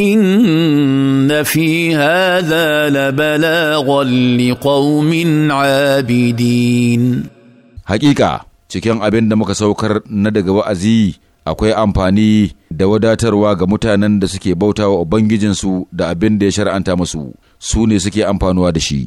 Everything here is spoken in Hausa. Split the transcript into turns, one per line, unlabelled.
ان في هذا لبلاغا
لقوم عابدين حقيقه cikin abin da muka saukar na daga wa'azi akwai amfani da wadatarwa ga mutanen da suke bauta bautawa ubangijinsu da abin da ya shar'anta musu su ne suke amfanuwa da shi